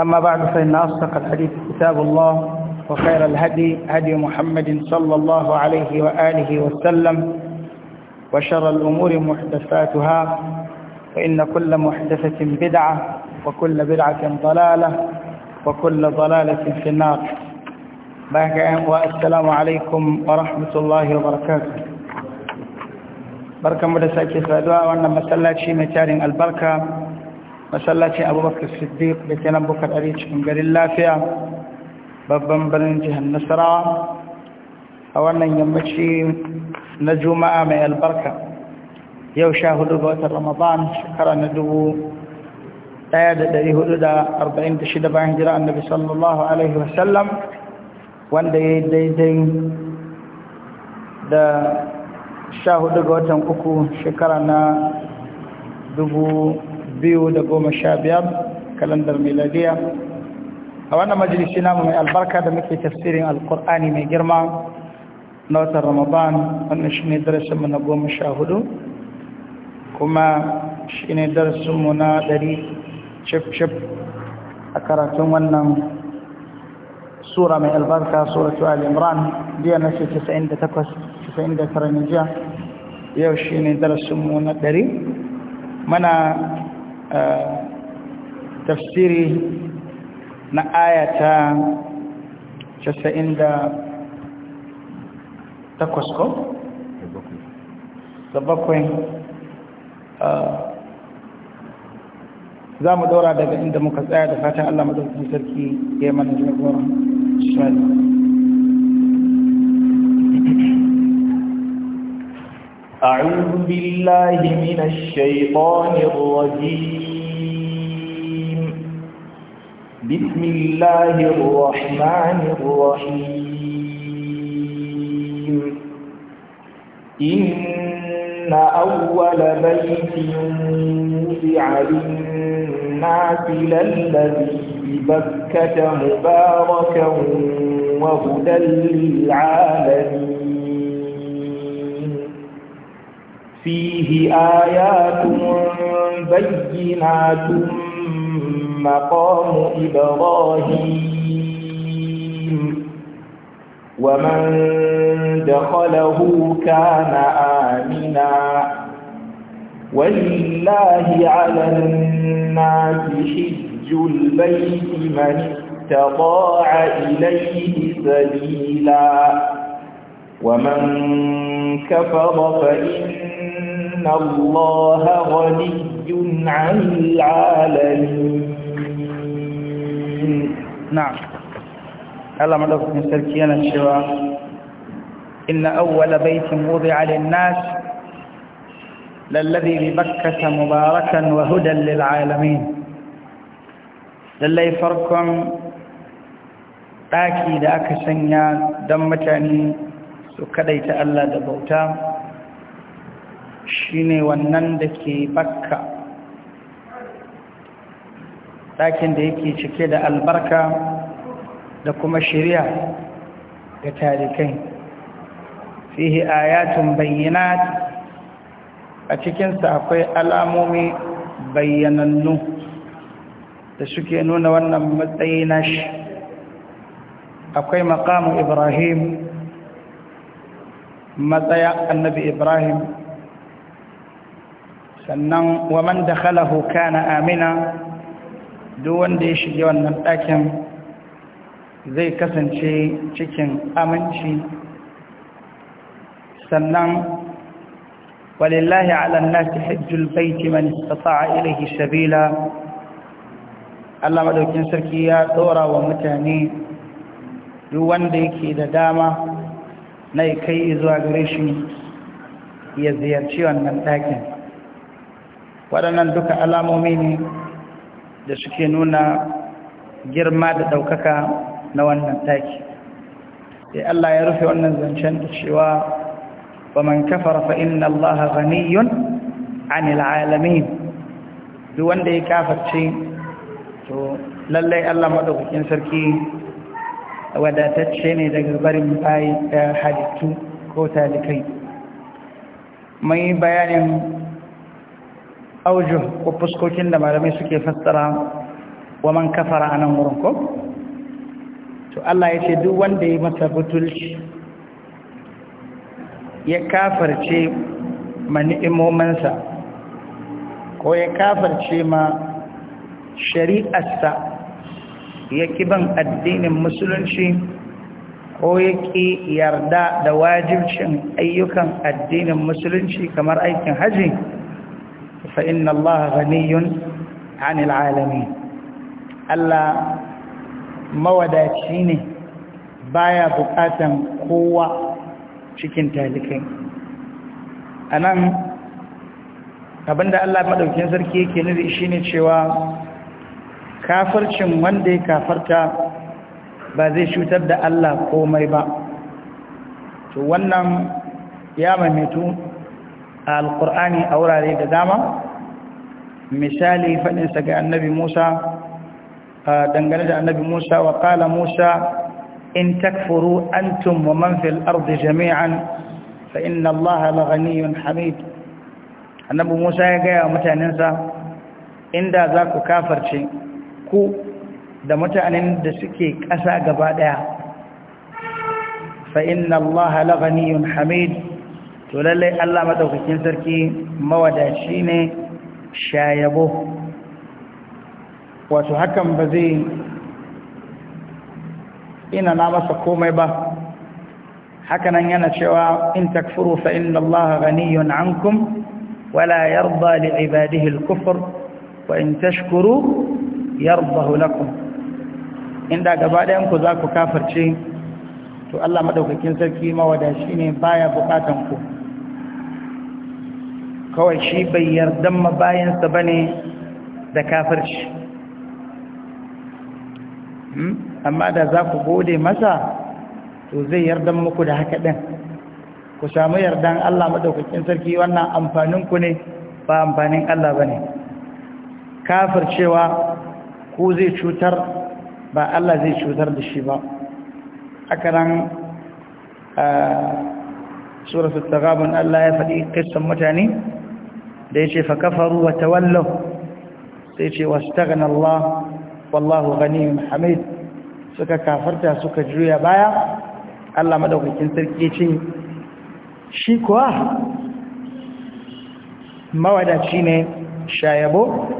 أما بعد فإن أصدق الحديث كتاب الله وخير الهدي هدي محمد صلى الله عليه وآله وسلم وشر الأمور محدثاتها فإن كل محدثة بدعة وكل بدعة ضلالة وكل ضلالة في النار والسلام عليكم ورحمة الله وبركاته بركة مدسة كيف وأنما وأن مسلات البركة masallacin abubakar siddiq da ke nan bukar ari cikin garin lafiya babban birnin jihar nasarawa a wannan yammaci na juma'a mai albarka yau sha hudu ga watan ramadan shekara na dubu daya da dari hudu da arba'in da shida bayan jira annabi sallallahu alaihi wasallam wanda ya yi daidai da sha hudu ga watan uku shekara na dubu biyu da goma sha biyar kalandar miladiya a wannan majalisi namu mai albarka da muke tafsirin alkur'ani mai girma na watan ramadan wannan shi ne darasinmu na goma sha hudu kuma shi ne darasinmu na ɗari cif-cif a karatun wannan sura mai albarka suratu al-imran biya na ce 98 jiya yau shi ne darasinmu na ɗari mana tafsiri na ayata takwas ko? da bakwai za mu daura daga inda muka tsaya da fatan Allah madaukakin sarki ya mana jagora shari أعوذ بالله من الشيطان الرجيم بسم الله الرحمن الرحيم إن أول بيت وضع للناس للذي ببكة مباركا وهدى للعالمين فيه آيات بينات مقام إبراهيم ومن دخله كان آمنا ولله على الناس حج البيت من استطاع إليه سبيلا ومن كفر فإن الله غني عن العالمين نعم قال ما دفت من سلكينا إن أول بيت وضع للناس للذي ببكة مباركا وهدى للعالمين للي فرقم تاكي داك سنيا دمتاني سكديت ألا دبوتا شيني ونندكي بكة ɗakin da yake cike da albarka da kuma shirya ga tarikai fihi ayatun bayyana a cikinsa akwai alamomi bayyanannu da suke nuna wannan matsayi nashi akwai makamu ibrahim matsaya annabi ibrahim sannan man da kana amina duk wanda ya shiga wannan ɗakin zai kasance cikin aminci sannan walillahi ala nasi hajjul baiti man istata'a ilayhi shabila. Allah madaukin sarki ya tsora wa mutane duk wanda yake da dama na kai zuwa gare shi ya ziyarci wannan ɗakin waɗannan duka alamomi ne da suke nuna girma da ɗaukaka na wannan taki sai Allah ya rufe wannan zancen da cewa wa man kafara fa inna Allah ghaniyun 'anil 'alamin duk wanda ya kafarce to lallai Allah maɗaukakin sarki wadatacce ne daga barin bayi eh, halittu ko talikai mai bayanin aujuh ko fuskokin da malamai suke fassara wa man kafara a wurin ko to Allah ya ce duk wanda ya mata butulci ya kafarce ma ni'imomansa ko ya kafarce ma shari'arsa ya kiban addinin musulunci ko ya ƙi yarda da wajibcin ayyukan addinin musulunci kamar aikin hajji فإن الله غني عن العالمين ألا ne baya bukatan kowa cikin talikai anan abinda Allah madaukakin sarki yake nufi shine cewa kafircin wanda ya kafarta ba zai cutar da Allah komai ba to wannan ya maimaitu a alkur'ani a wurare da dama misali faɗinsa ga annabi Musa dangane da annabi Musa wa qala Musa in takfuru an wa man fil jami'an fa inna Allah laghaniyyun hamid annabi Musa ya ga mutanensa inda za ku kafarce ku da mutanen da suke ƙasa gaba ɗaya fa inna Allah laghaniyyun hamid to lallai Allah maɗaukakin sarki mawadaci ne Shayabo wato hakan ba zai ina na masa komai ba hakanan yana cewa in takfuru fa inna allaha ghaniyun ankum wala yarda li ibadihi al-kufr wa in tashkuru yardahu lakum inda gaba ɗayan ku za ku kafirce to Allah madaukakin sarki mawadashi ne baya bukatan ku kawai shi bai yarda mabayansa ba ne da kafirci hmm? amma da za ku gode masa to zai yarda muku da haka ɗin ku samu yardan Allah maɗaukakin sarki wannan amfaninku ne ba amfanin Allah ba ne kafircewa ku zai cutar ba Allah zai cutar da shi ba haka nan ah, suratul taghabun Allah ya faɗi kissan mutane da yace fa kafaru wa tawallaw sai yace wastaghna Allah wallahu ghaniyyun hamid suka kafarta suka juya baya Allah madaukakin sarki yace shi kuwa mawadaci ne shayabo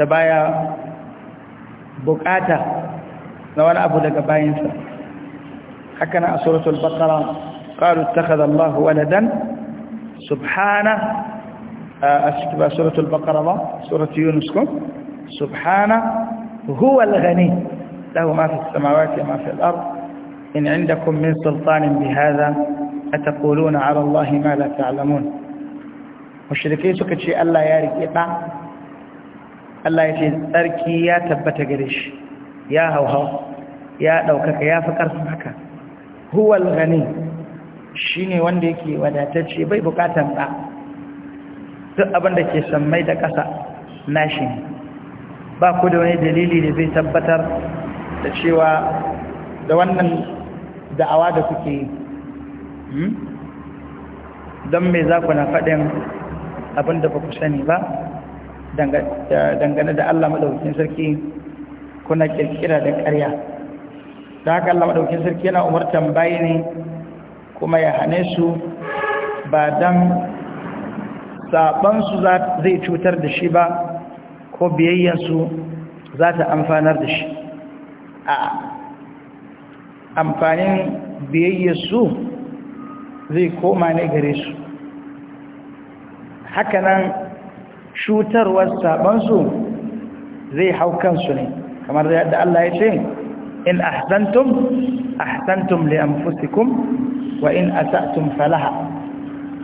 da baya bukata na wani abu daga bayansa haka na a suratul baqara qalu ittakhadha Allahu waladan subhanahu آه، أشكبها سورة البقرة سورة يونس سبحانه هو الغني له ما في السماوات وما في الأرض إن عندكم من سلطان بهذا أتقولون على الله ما لا تعلمون مشركين سكتشي ألا يارك إطع ألا يتي أركي يا تبت قريش يا هو هو يا لوكك يا فكر سمحك هو الغني شيني وانديكي وداتتشي بي بكاتا معه duk abin da ke sammai da ƙasa nashi ne ba ku da wani dalili da zai tabbatar da cewa da wannan da'awa da kuke yi hmm? don me za ku na faɗin abin da ba ku sani ba dangane da Allah maɗaukin sarki kuna ƙirƙira da ƙarya da haka Allah maɗaukin sarki yana umartan bayi kuma ya hane su ba don saɓansu zai cutar da shi ba ko biyayyansu za ta amfanar da shi a amfanin biyayyarsu zai koma ne gare su hakanan cutarwar saɓansu zai hau kansu ne kamar yadda Allah ya ce in ahsantum ahsantum li anfusikum wa in asatum falaha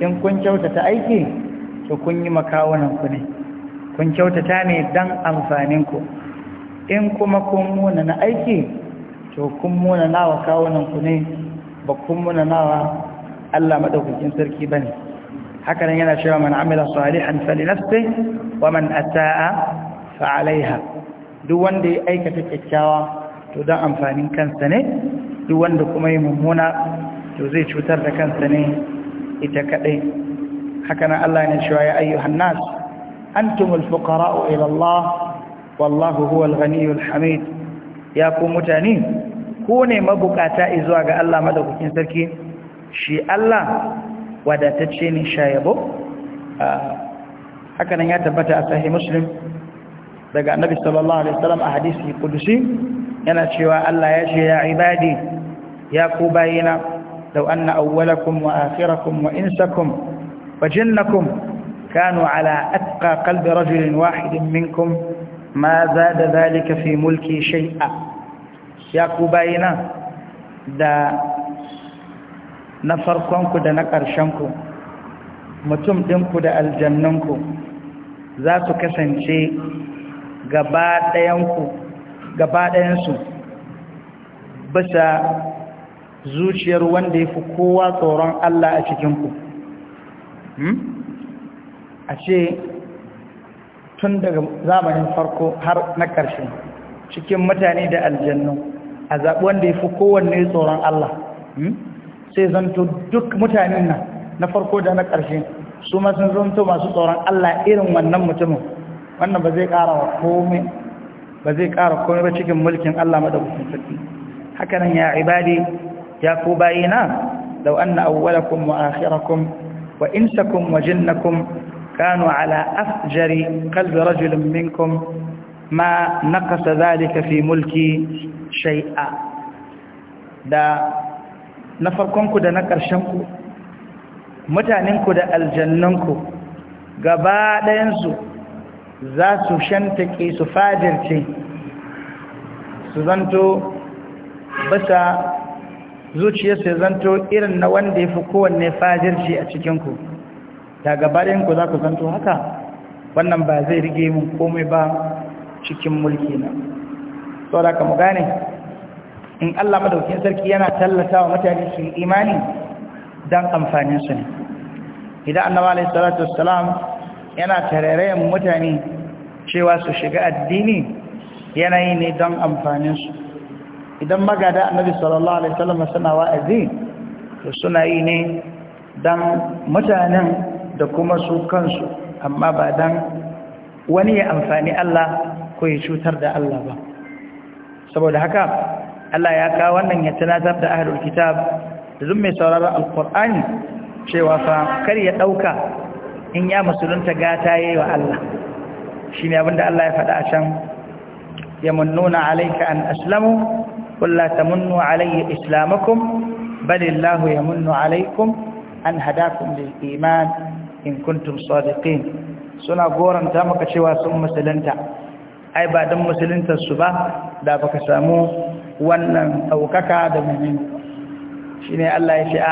in kun kyautata aiki to kun yi makawunan ku ne kun kyautata ne dan amfaninku, in kuma kun muna na aiki to kun muna nawa kawunan ku ne ba kun muna nawa Allah maɗaukakin sarki ne. haka nan yana cewa man amila salihan fali nafsi wa man ataa fa duk wanda ya aikata kyakkyawa to dan amfanin kansa ne duk wanda kuma yi mummuna to zai cutar da kansa ne ita kadai hakanan Allah ne cewa ya ayyuhan nas antumul fuqara'u ila Allah wallahu huwal ghaniyul hamid ya ku mutane ku ne mabukata zuwa ga Allah madaukakin sarki shi Allah wadatacce ne shayabo ah, hakanan ya tabbata a sahih muslim daga annabi sallallahu alaihi wasallam a hadisi kudusi yana cewa Allah ya ce ya ibadi ya ku bayina law anna awwalakum wa akhirakum wa insakum وجنكم كانوا على أتقى قلب رجل واحد منكم ما زاد ذلك في ملكي شيئا يا ياكوباينا دا نفركم دا نقرشمكم متم دمكم دا الجننكم ذات كسنشي غباء ديانكم غباء ديانسو بسا زوشير وان ديفو كوا طوران الله أشجنكم Hmm? a ce tun daga zamanin farko har na ƙarshe cikin mutane da aljannu a zaɓi wanda ya fi kowanne tsoron Allah hmm? sai zanto duk mutanen nan na farko da na ƙarshe su ma sun zanto masu tsoron Allah irin wannan mutumin wannan ba zai ƙara wa komai ba zai ƙara komai ba cikin mulkin Allah madaukakin sarki haka nan ya ibadi ya ku bayina law anna awwalakum wa akhirakum وإنسكم وجنكم كانوا على أفجر قلب رجل منكم ما نقص ذلك في ملكي شيئا دا نفركمكم دا نكرشنكم mutanenku da aljannanku gaba ɗayansu za su shantake su fadirce su zanto bisa zuciyarsa ya zanto irin na wanda ya fi kowanne fajirci a cikinku daga bayanku za ku zanto haka wannan ba zai rige mun komai ba cikin mulki na da ka mu gane in Allah madaukin sarki yana tallata wa mutane su yi imani don amfanin ne idan annabi alaihi salatu wassalam yana tarairayen mutane cewa su shiga addini yanayi ne don amfaninsu. idan magada annabi sallallahu alaihi wasallam suna wa'azi to suna yi ne dan mutanen da kuma su kansu amma ba dan wani ya amfani Allah ko ya cutar da Allah ba saboda haka Allah ya kawo wannan ya tunatar da ahlul kitab da duk mai sauraron alqur'ani cewa fa kar ya dauka in ya musulunta gata yayi wa Allah shine abinda Allah ya faɗa a can nuna alayka an aslamu قل لا تمنوا علي إسلامكم بل الله يمن عليكم أن هداكم للإيمان إن كنتم صادقين سنة قورا تامك شوى ثم مسلنتا أي بعد مسلنتا الصباح دا بك سامو وانا أوككا دا منين شيني الله يشاء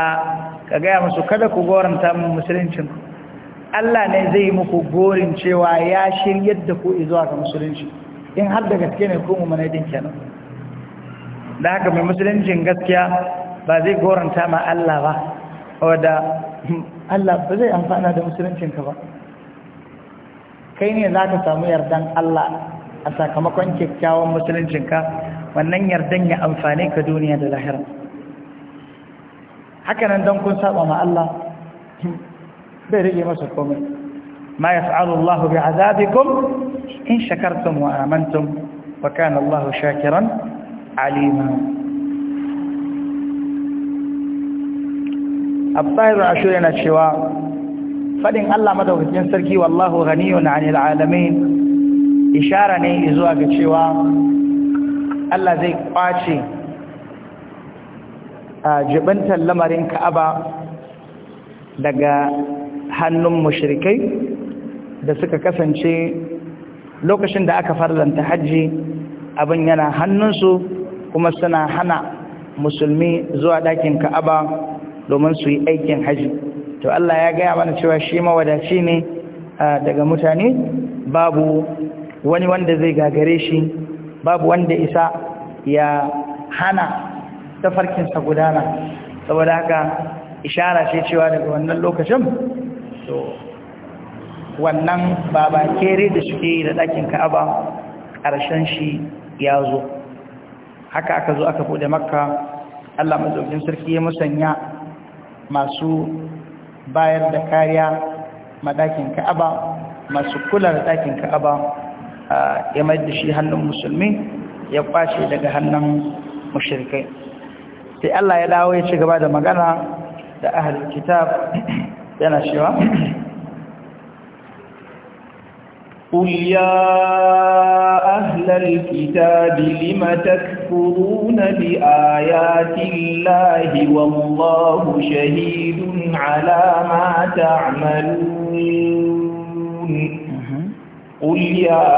كغايا مسو كدك قورا تام مسلنشن Allah ne zai muku gorin cewa ya shiryar da ku izuwa ga musulunci in har da gaske ne ku mu manajin kenan da haka mai musuluncin gaskiya ba zai goranta ma Allah ba wadda Allah ba zai amfana da musuluncinka ba kai ne za ka samu yardan Allah a sakamakon kyakkyawan musuluncinka wannan yardan ya amfane ka duniya da lahira hakanan don kun saba ma Allah bai rage masa komai ma yaf'alu Allah azabikum in shakartum wa amantum wa kana Allah shakiran alima Abdahir Ashur yana cewa fadin Allah madaukakin sarki wallahu ghaniyun 'anil alamin ishara ne zuwa ga cewa Allah zai ƙwace a lamarin Ka'aba daga hannun mushrikai da suka kasance lokacin da aka farlanta hajji abin yana hannunsu kuma suna hana musulmi zuwa ɗakin ka'aba domin su yi aikin haji to Allah ya gaya mana cewa shi mawadaci ne daga mutane babu wani wanda zai gagare shi babu wanda isa ya hana tafarkinsa gudana saboda haka ishara ce cewa daga wannan lokacin to wannan babakere da suke yi da ɗakin ka'aba ƙarshen shi ya zo haka aka zo aka bude makka Allah mazaukin sarki ya musanya masu bayar da kariya madakin Ka'aba masu kula da dakin Ka'aba ya mai da shi hannun musulmi ya kwashe daga hannun mushrikai sai Allah ya dawo ya ci gaba da magana da ahal kitab yana cewa قل يا أهل الكتاب لم يكفرون بآيات الله والله شهيد على ما تعملون قل يا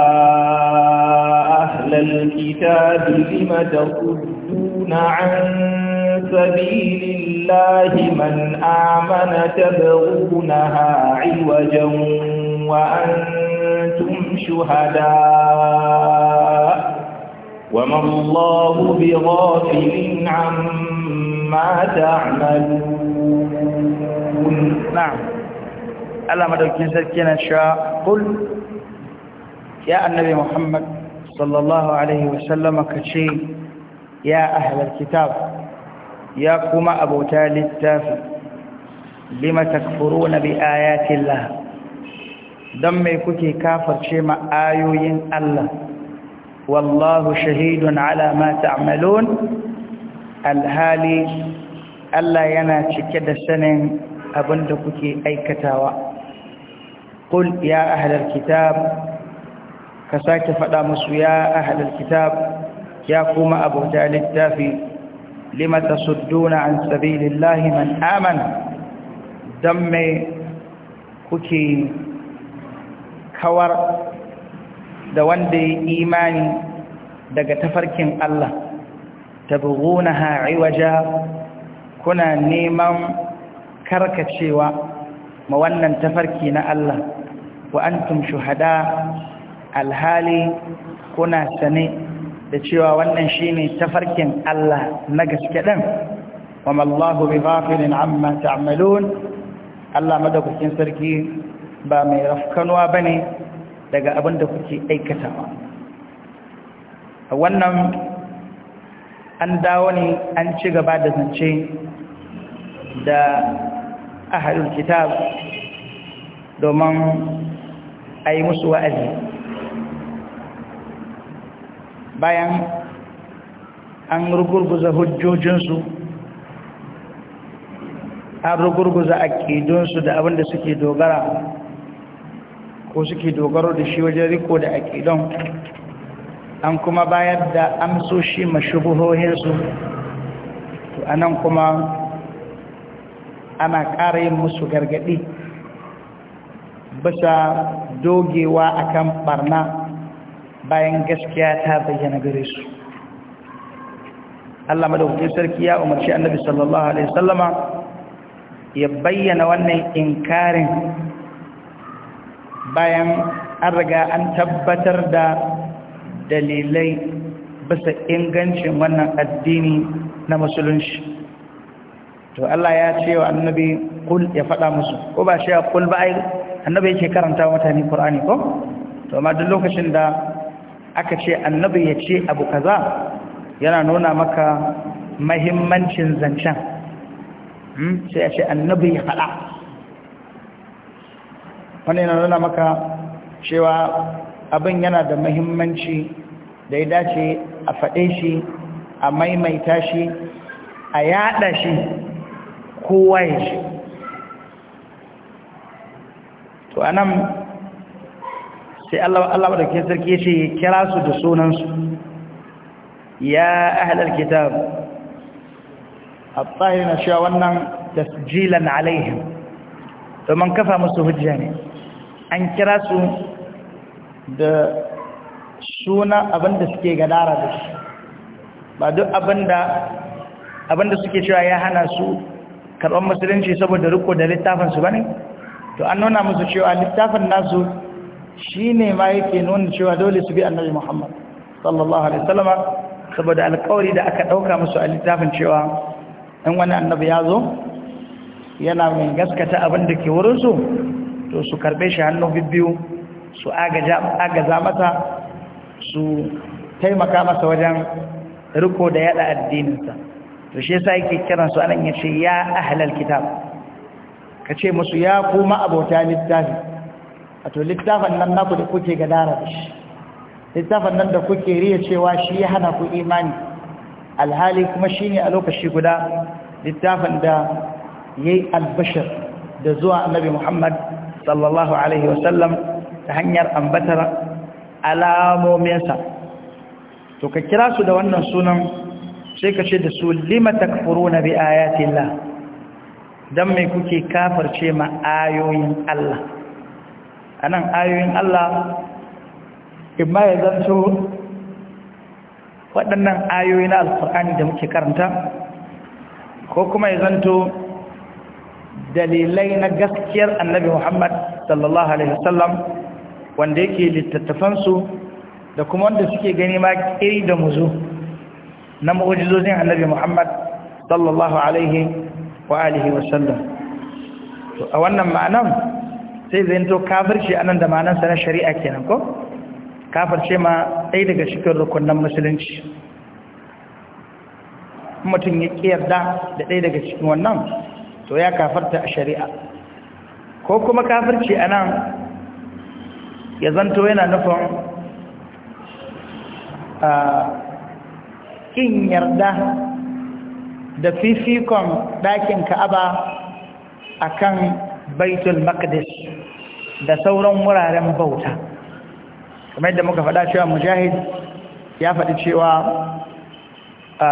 أهل الكتاب لم تصدون عن سبيل الله من آمن تبغونها عوجا وأنتم شهداء وما الله بغافل عما تعملون نعم ألا مدوكين سكينا شاء قل يا النبي محمد صلى الله عليه وسلم كشي يا أهل الكتاب يا كما أبو تالي التافي لما تكفرون بآيات الله دم كتي كافر شيما آيوين الله والله شهيد على ما تعملون الهالي الله ينا تكد سنة أبندكك أي كتاوى قل يا أهل الكتاب كساك فدامس يا أهل الكتاب يا قوم أبو تعالى التافي لم تصدون عن سبيل الله من آمن دم كوكي kawar da wanda ya imani daga tafarkin Allah tabghunaha waje, kuna neman karkacewa ma wannan tafarki na Allah wa antum shuhada alhali kuna sane da cewa wannan shine tafarkin Allah na gaske din wa mallahu bighafilin amma ta'malun Allah madaukakin sarki ba mai rafkanwa bane daga abin da kuke aikatawa a wannan an dawo ne an ci gaba da zance da ahalul kitab domin a yi musu wa'azi bayan an rugurguza hujjojinsu an rugurguza aƙidunsu da abin da suke dogara ko suke dogaro da shi wajen riko da aƙidan an kuma bayar da amsoshi mashubuhohinsu to anan kuma ana ƙara yin musu gargaɗi bisa dogewa akan barna bayan gaskiya ta bayyana gare su Allah madaukakin sarki ya umarci annabi sallallahu alaihi sallama ya bayyana wannan inkarin bayan an riga an tabbatar da dalilai bisa ingancin wannan addini na musulunci to Allah ya ce wa annabi kul ya faɗa musu ko ba shi ya kul ba ai annabi yake karanta mutane Qur'ani ko to amma duk lokacin da aka ce annabi ya ce abu kaza yana nuna maka mahimmancin zancen hmm? sai ya ce annabi ya faɗa wani yana nuna maka cewa abin yana da mahimmanci da ya dace a faɗe shi a maimaita shi a yaɗa shi kowa ya shi to a nan sai allah da ke sarki ya ce ya kira su da sunansu ya ahalar kitab a tsari na cewa wannan tasjilan alaihim domin kafa musu hujja ne an kira su da suna abinda suke gadara da shi ba duk abinda suke cewa ya hana su karɓar musulunci saboda riko da littafinsu ba ne to an nuna musu cewa littafin nasu shine ma yake nuna cewa dole su bi annabi muhammad sallallahu alaihi salama, saboda alkawari da aka ɗauka musu a littafin cewa in wani annabi ya zo yana mai gaskata abinda da ke su. to su karbe shi hannun bibbiyu su agaza mata, su taimaka masa wajen riko da yada addininsa to shi yasa yake kiran su anan yace ya ahlal kitab kace musu ya kuma abota littafi to littafin nan naku da kuke gadara da shi littafin nan da kuke riya cewa shi ya hana ku imani alhali kuma shine a lokaci guda littafin da yayi albashir da zuwa annabi Muhammad sallallahu alaihi wasallam ta hanyar ambatar alamominsa to ka kira su da wannan sunan sai ka ce da su lima takfuruna bi ayatillah dan mai kuke kafirce ma ayoyin Allah anan ayoyin Allah imma ya zanto waɗannan ayoyi na alƙur'ani da muke karanta ko kuma ya zanto dalilai na gaskiyar annabi Muhammad sallallahu alaihi wasallam wanda yake littattafan su da kuma wanda suke gani ma kiri da muzu na mu'jizozin annabi Muhammad sallallahu alaihi wa alihi wasallam a wannan ma'anan sai zai to a nan da ma'anan sa na shari'a kenan ko kafirce ma ɗaya daga cikin rukunin musulunci mutum ya yarda da ɗaya daga cikin wannan to ya kafarta a shari'a ko kuma kafirci a nan ya zanto yana nufin a ƙin yarda da fifikon ɗakin ka'aba a kan baitul makadis da sauran wuraren bauta kamar yadda muka faɗa cewa mujahid ya faɗi cewa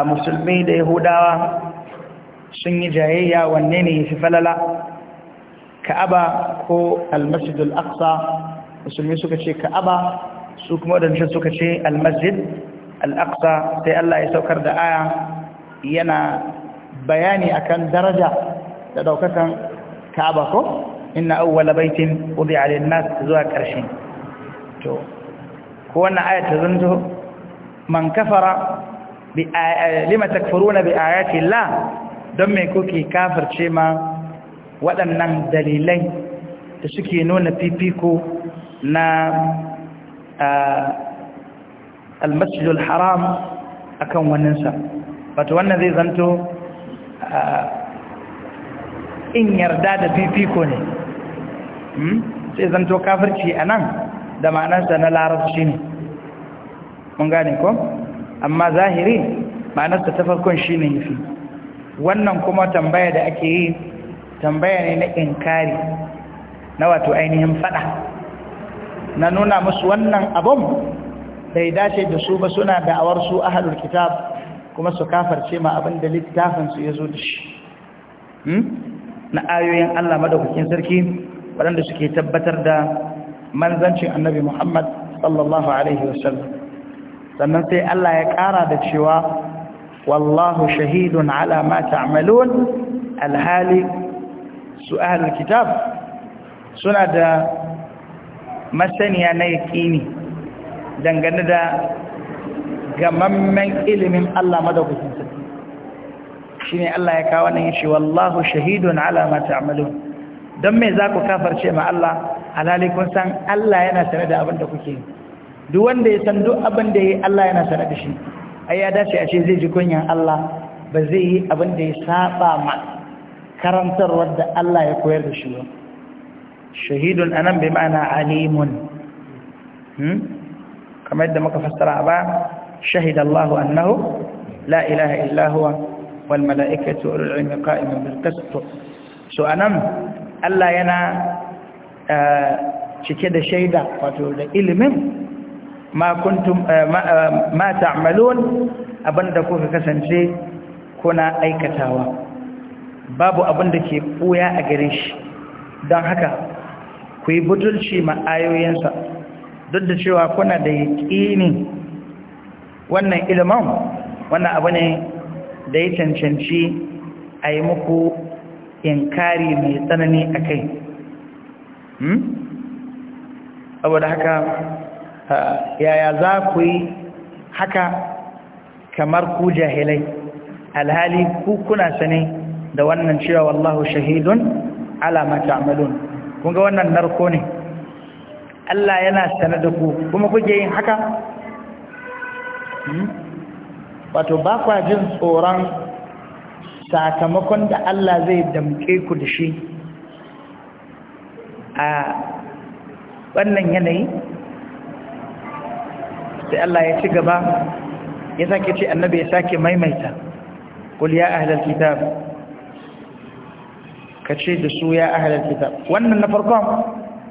musulmi da yahudawa sun yi jayayya wanne ne yafi falala ka'aba ko almasjid al-aqsa musulmi suka ce ka'aba su kuma wadancan suka ce almasjid al sai Allah ya saukar da aya yana bayani akan daraja da daukakan ka'aba ko inna awwala baitin wudi'a lin-nas zuwa karshe to ko wannan aya ta zanto man kafara bi lima takfuruna bi ayati Allah don mai kuke kafirce ma waɗannan dalilai da suke nuna fifiko na almasjidul haram akan waninsa wato wannan zai zanto in yarda da fifiko ne sai hmm? zanto kafirci a nan da ma'anarsa na larabci ne mun gane ko amma zahiri ma'anarsa ta farkon shi ne fi. wannan kuma tambaya da ake yi tambaya ne na inkari na wato ainihin fada na nuna musu wannan abun bai dace da su ba suna da'awar su ahlul kitab kuma su kafarce ma abin da littafin su zo da shi hmm? na ayoyin Allah madaukakin sarki waɗanda suke tabbatar da manzancin Annabi Muhammad sallallahu alaihi wasallam sannan sai Allah ya ƙara da cewa wallahu shahidun ala ma ta'malun alhali su ahlul kitab suna da masaniya na yaqini dangane da gamammen ilimin Allah madaukakin sarki shine Allah ya kawo nan shi, wallahu shahidun ala ma ta'malun don me za ku kafarce ma Allah alhali kun san Allah yana sanar da abin da kuke duk wanda ya san duk abin da ya yi Allah yana sanar da shi ai ya dace a ce zai ji kunyan Allah ba zai yi abin da ya saba ma karantarwar da Allah ya koyar da shi ba shahidun anan bai ma'ana alimun hmm? kamar yadda muka fassara ba shahid Allah annahu la ilaha illa huwa wal mala'ikatu wal ilmi qa'iman bil qist so anan Allah yana eh, cike da shaida wato da ilimin ma kuntum eh, eh, ma ta'malun abinda kuka kasance kuna aikatawa babu abinda ke buya a gare shi don haka ku yi butulci ma duk da cewa kuna da yaƙini wannan ilimin wannan abu ne da ya cancanci a yi muku inkari mai tsanani a kai hmm? da haka yaya za ku yi haka kamar ku jahilai alhali ku kuna sane da wannan cewa wallahu shahidun ala ma ta'malun kun ga wannan narko ne Allah yana sanar da ku kuma kuke yin haka hmm? wato ba kwa jin tsoron sakamakon da Allah zai damke ku da shi a wannan yanayi sai Allah ya ci gaba ya sake ce annabi ya sake maimaita qul ya ahlal kitab ce da su ya ahlal kitab wannan na farkon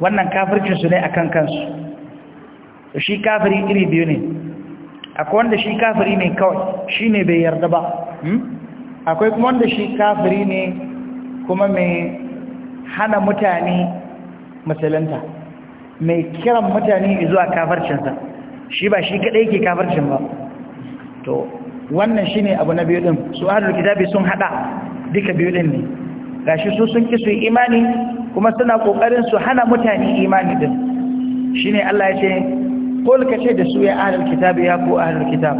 wannan kafircin su ne akan kansu shi kafiri iri biyu ne akwai wanda shi kafiri ne kawai shi ne bai yarda ba hmm? akwai kuma wanda shi kafiri ne kuma mai hana mutane musulunta mai kiran mutane zuwa kafarcinsa shi ba shi kaɗai ke kafircin ba to wannan shine abu na biyu din su ahlul kitabi sun haɗa duka biyu din ne gashi su sun ki imani kuma suna ƙoƙarin su hana mutane imani shi ne Allah ya ce ka ce da su ya ahalar kitabi ya ku ahalar kitab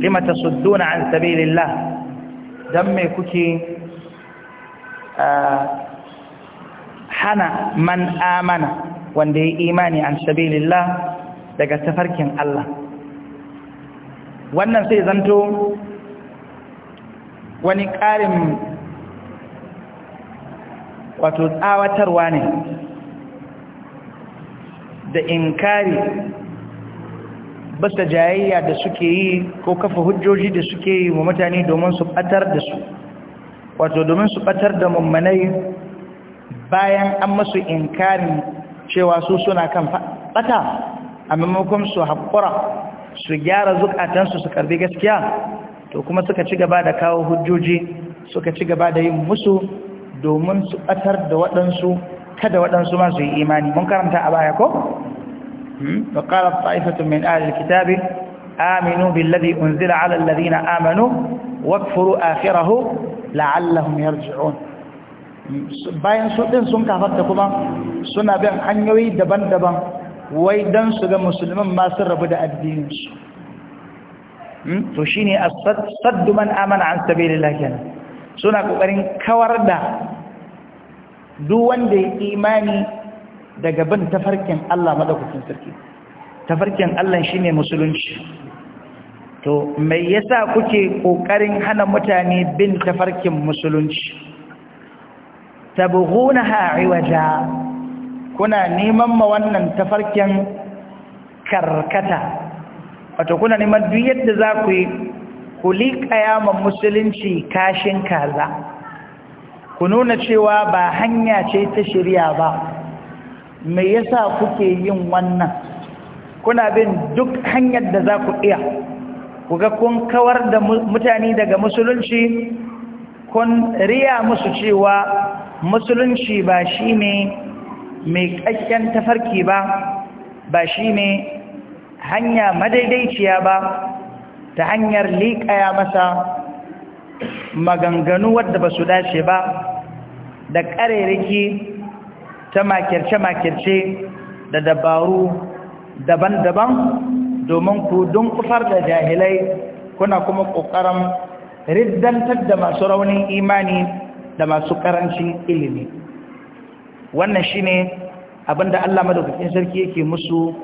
lima tasudduna an sabilillah dan mai kuke hana man amana wanda ya imani an sabilillah daga tafarkin Allah wannan sai zanto wani ƙarin wato tsawatarwa ne da inkari basta jayayya da suke yi ko kafa hujjoji da suke yi wa mutane domin su ɓatar da su wato domin su ɓatar da mummanai bayan an masu inkarin cewa su suna kan fata a maimakon su haƙura su gyara zukatansu su karbi gaskiya to kuma suka ci gaba da kawo hujjoji suka ci gaba da yin musu domin su ɓatar da waɗansu kada waɗansu ma su yi imani mun karanta a baya ko? Hmm? wa ƙarar ta'ifatun min alil kitabi aminu billazi unzila ala allazina amanu wakfuru akhirahu la'allahum yarji'un hmm? bayan su ɗin sun da kuma suna bin hanyoyi daban-daban wai don su ga musulman masu rabu da addininsu hmm? to shi ne a sadduman amana an sabi suna ƙoƙarin kawar da duk wanda ya imani daga bin tafarkin Allah maɗaukacin sarki tafarkin Allah shi ne musulunci to mai yasa kuke ƙoƙarin hana mutane bin tafarkin musulunci tabuhunaha iwaja kuna neman ma wannan tafarkin karkata wato kuna neman duk yadda za ku yi ku liƙaya ma musulunci kashin kaza ku nuna cewa ba hanya ce ta shirya ba me yasa kuke yin wannan kuna bin duk hanyar da za ku iya ku ga kun kawar da mutane daga musulunci kun riya musu cewa musulunci ba shi ne. mai ƙaƙƙen tafarki ba ba shi ne hanya madaidaiciya ba ta hanyar liƙaya masa maganganu wadda ba su dace ba da ƙareriki ta makirce-makirce da dabaru daban-daban domin ku don kufar da jahilai kuna kuma ƙoƙarin riddantar da masu raunin imani da masu ƙarancin ilimi wannan shi shine abinda Allah madaukakin sarki yake musu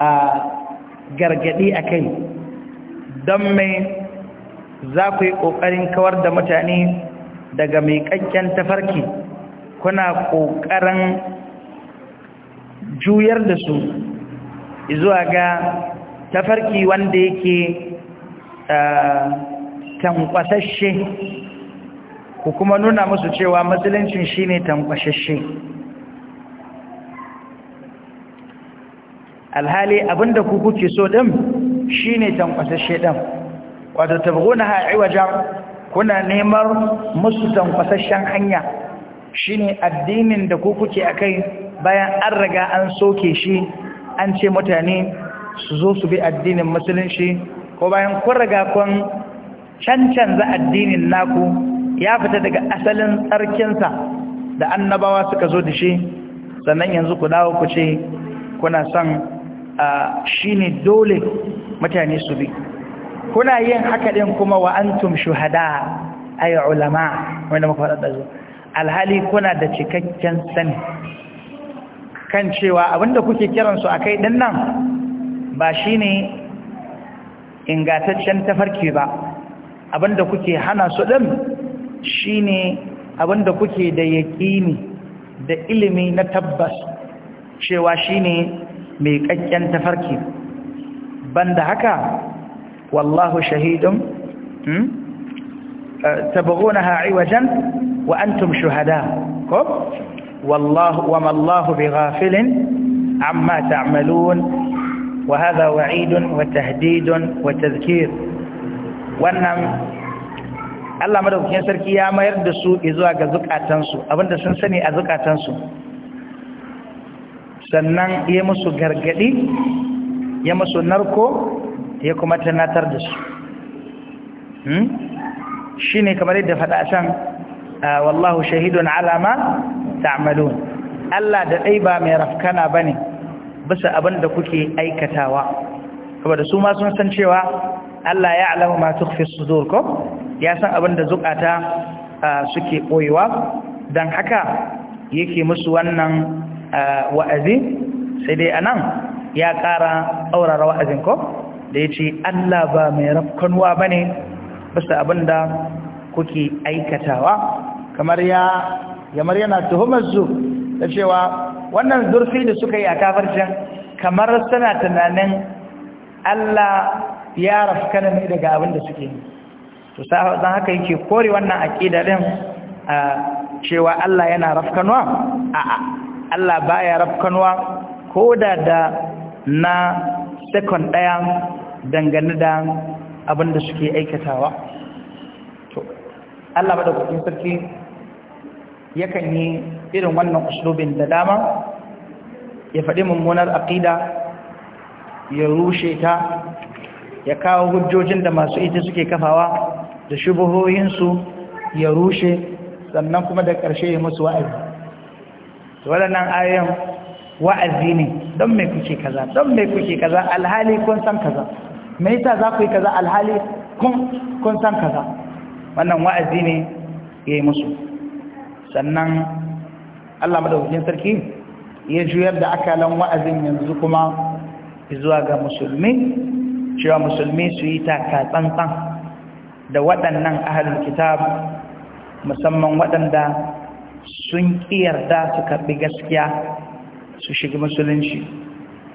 a gargadi kai don mai za ku yi ƙoƙarin kawar da mutane daga mai ƙaƙƙen tafarki kuna ƙoƙarin juyar da su zuwa ga tafarki wanda yake tankwasashe ku kuma nuna musu cewa shi ne tankwasashe alhali abinda ku kuke so din shine tankwasashe din wato ha iwaja kuna neman musu tankwasashen hanya shine addinin da ku kuke akai bayan an riga an soke shi an ce mutane su zo su bi addinin musulunci ko bayan kun riga kun cancanza addinin naku ya fita daga asalin tsarkinsa da annabawa suka zo da shi sannan yanzu ku dawo ku ce kuna son shine dole mutane su bi kuna yin haka ɗin kuma wa antum shuhada ay ulama wanda muka faɗa dazu alhali kuna da cikakken sani kan cewa abinda kuke kiran su akai din nan ba shine ingataccen tafarki ba abinda kuke hana su din shine abinda kuke da yaƙini da ilimi na tabbas cewa shine mai kakken tafarki banda haka wallahu shahidun hmm? eh, tabghunaha wajen wa an antum shuhada ko wallahu wa ma Allahu bighafilin amma ta'malun wa tahdidun wa وتذكير wannan Allah madaukakin sarki ya mayar da su zuwa ga zukatansu abinda sun sani a zukatansu sannan ya musu gargadi ya musu narko ya kuma tanatar da su hmm? shi ne kamar yadda faɗa san, wallahu shahidun alama ta'amalun Allah da ɗai ba mai rafkana ba ne bisa abin da kuke aikatawa saboda su ma sun san cewa Allah ya alama ma tukfi sudur ya san abin da zukata suke ɓoyewa don haka yake musu wannan wa'azi sai dai anan ya ƙara aurara wa'azin ko da ya ce Allah ba mai rafkanuwa ba ne basu abin kuke aikatawa kamar ya yamar yana tuhumar su da cewa wannan zurfi da suka yi a kafarcin kamar suna tunanin Allah ya rafkana ne daga abinda suke yi to don haka yake kore wannan aƙida din cewa Allah yana rafkanwa a'a Allah baya rafkanwa ko da da na second ɗaya dangane da abin da suke aikatawa to Allah madaukakin sarki yakan yi irin wannan uslubin da dama ya faɗi mummunar aƙida ya rushe ta ya kawo hujjojin da masu ita suke kafawa da shubuhoyinsu ya rushe sannan kuma da ƙarshe ya musu wa'azi waɗannan ayoyin wa'azi ne don mai kuke kaza don mai kuke kaza alhali kun san kaza mai yasa za ku yi kaza alhali kun san kaza wannan wa'azi ne ya yi musu sannan Allah madaukakin sarki ya juyar da akalan wa'azin yanzu kuma zuwa ga musulmi cewa musulmi su yi taka tsantsan da waɗannan ahalin kitab musamman waɗanda sun yarda su karɓi gaskiya su shiga musulunci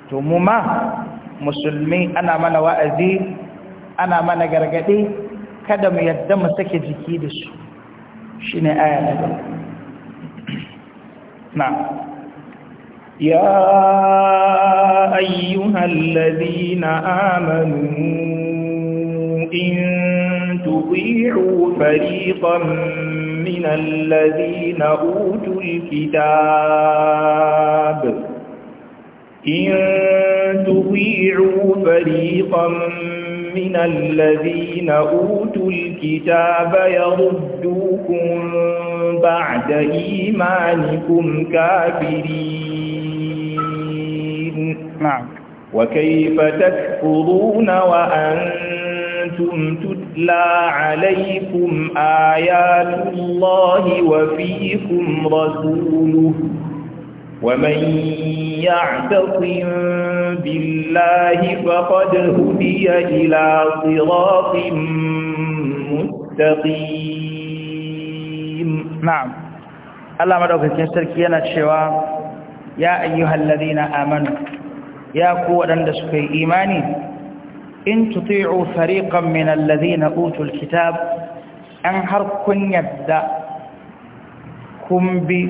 to mu ma musulmi ana mana wa'azi ana mana gargaɗi kada mu yarda mu sake jiki da su shine ne na na يا أيها الذين amanu تطيعوا فريقا من الذين أوتوا الكتاب إن تطيعوا فريقا من الذين أوتوا الكتاب يردوكم بعد إيمانكم كافرين نعم وكيف تكفرون وأنتم تتعلمون تتلى عليكم آيات الله وفيكم رسوله ومن يعتصم بالله فقد هدي إلى صراط مستقيم نعم الله مدعوك كنسر كينا الشواء يا أيها الذين آمنوا يا قوة لندسك إيماني إن تطيعوا فريقا من الذين أوتوا الكتاب أنهر كن يبدأ كنبي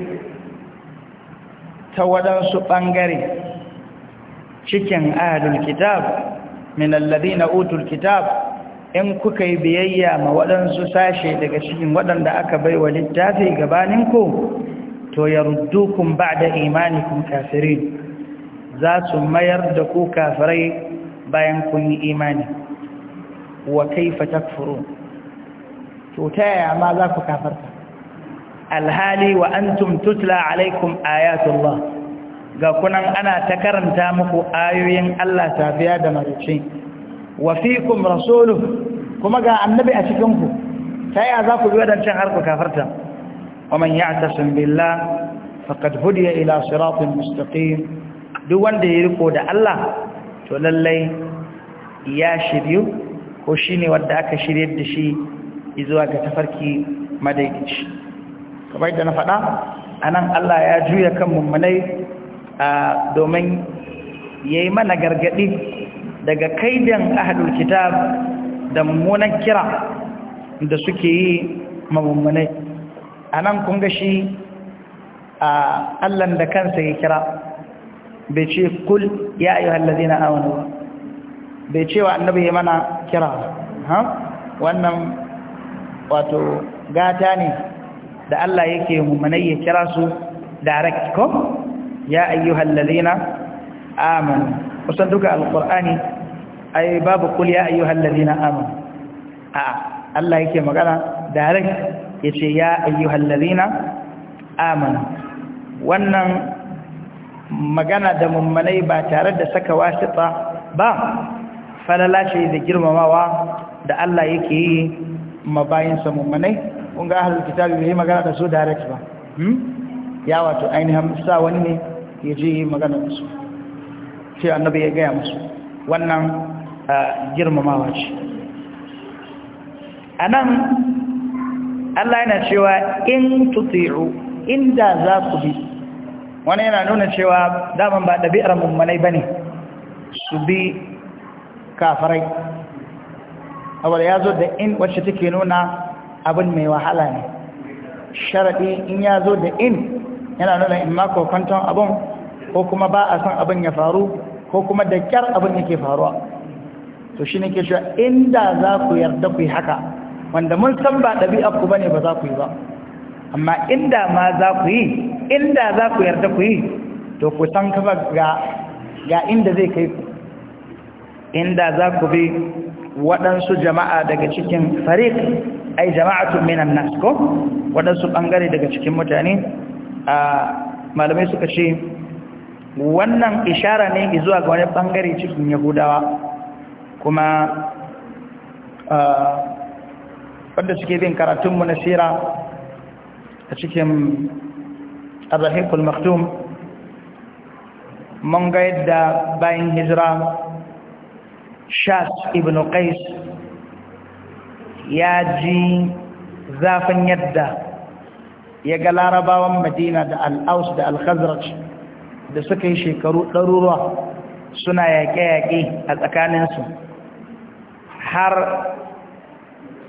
تودن سبانجري شكين أهل الكتاب من الذين أوتوا الكتاب إن كوكي بيأيام ودن سساشي لكشين ودن دأكبي وللتافي قبانكم تيردوكم بعد إيمانكم كافرين ذات ما يردكو كافرين bayan kun yi imani wa kaifa takfurun to ta yaya ma za ku kafarta alhali wa antum tutla alaikum ayatullah ga kunan ana ta karanta muku ayoyin Allah safiya da marice wa fikum rasuluhu kuma ga annabi a cikin ku ta yaya za ku bi wadancan har ku kafarta wa man ya'tasim billah faqad hudiya ila siratin mustaqim duk wanda ya riko da Allah to lallai ya shiryu ko shi ne wadda aka shiryar da shi zuwa ga tafarki madaidici kamar da na faɗa a nan Allah ya juya kan mummunai domin ya yi mana gargaɗi daga kaidan ahadul kitab da mummunan kira da suke yi mummunai. a nan kun shi a allan da kansa ya kira bai ce kul ya ayyuhal ladina amanu ba bai ce wa annabi ya mana kira ha wannan wato gata ne da Allah yake mummunai ya kira su direct ko ya ayyuhal ladina amanu kusan duka alqur'ani ai babu kul ya ayyuhal ladina amanu a Allah yake magana direct ce ya ayyuhal ladina amanu wannan magana da mummanai ba tare da saka wasita ba falala shi da girmamawa da Allah yake yi mabayinsa mummanai kun ga ahlul kitabi bai magana da su direct ba hmm? ya wato ainihin sa wani ne ya ji magana da su sai annabi ya gaya musu wannan girmamawa ce a nan Allah yana cewa in tuti'u inda za ku bi wani yana nuna cewa daman ba ɗabi'ar mummanai ba ne su bi kafarai abuwa ya zo da in wacce take nuna abin mai wahala ne sharaɗi in ya zo da in yana nuna in ma kwanton abin ko kuma ba a son abin ya faru ko kuma da kyar abin yake faruwa to shi ne ke inda za ku yarda ku yi haka wanda mun san ba ɗabi'ar ku ba ne ba za ku yi ba amma inda ma za ku yi inda za ku yarda ku yi to ku san kafa ga ga inda zai kai ku inda za ku bi waɗansu jama'a daga cikin fariq ai jama'a minan nas ko waɗansu ɓangare daga cikin mutane a malamai suka ce wannan ishara ne zuwa ga wani ɓangare cikin yahudawa kuma wadda suke bin karatunmu na sira a cikin arrahikul maktum mun ga yadda bayan hijira shas ibn qais ya ji zafin yadda ya ga larabawan madina da al'aus da al-khazraj da suka yi shekaru ɗaruruwa suna yaƙe-yaƙe a tsakaninsu har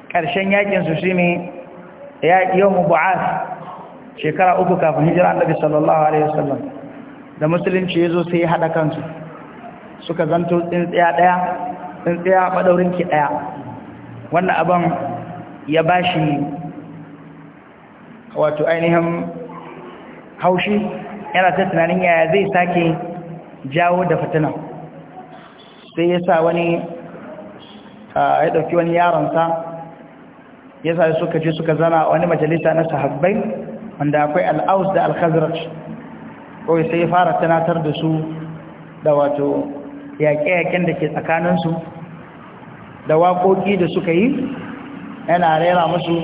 ƙarshen yaƙinsu shi ne ya yawmu bu'ath shekara uku kafin hijira annabi sallallahu alaihi wasallam da musulunci yazo sai ya hada kansu suka zanto tsintsiya daya tsintsiya madaurin ki daya wannan abin ya bashi wato ainihin haushi yana ta tunanin yaya zai sake jawo da fitina sai ya sa wani ya ɗauki wani yaronsa sa suka je suka zana a wani majalisa na sahabbai wanda akwai al'aus da al-khazraj ko sai fara tunatar da su da wato yaƙe-yaƙen da ke tsakaninsu da waƙoƙi da suka yi yana rera musu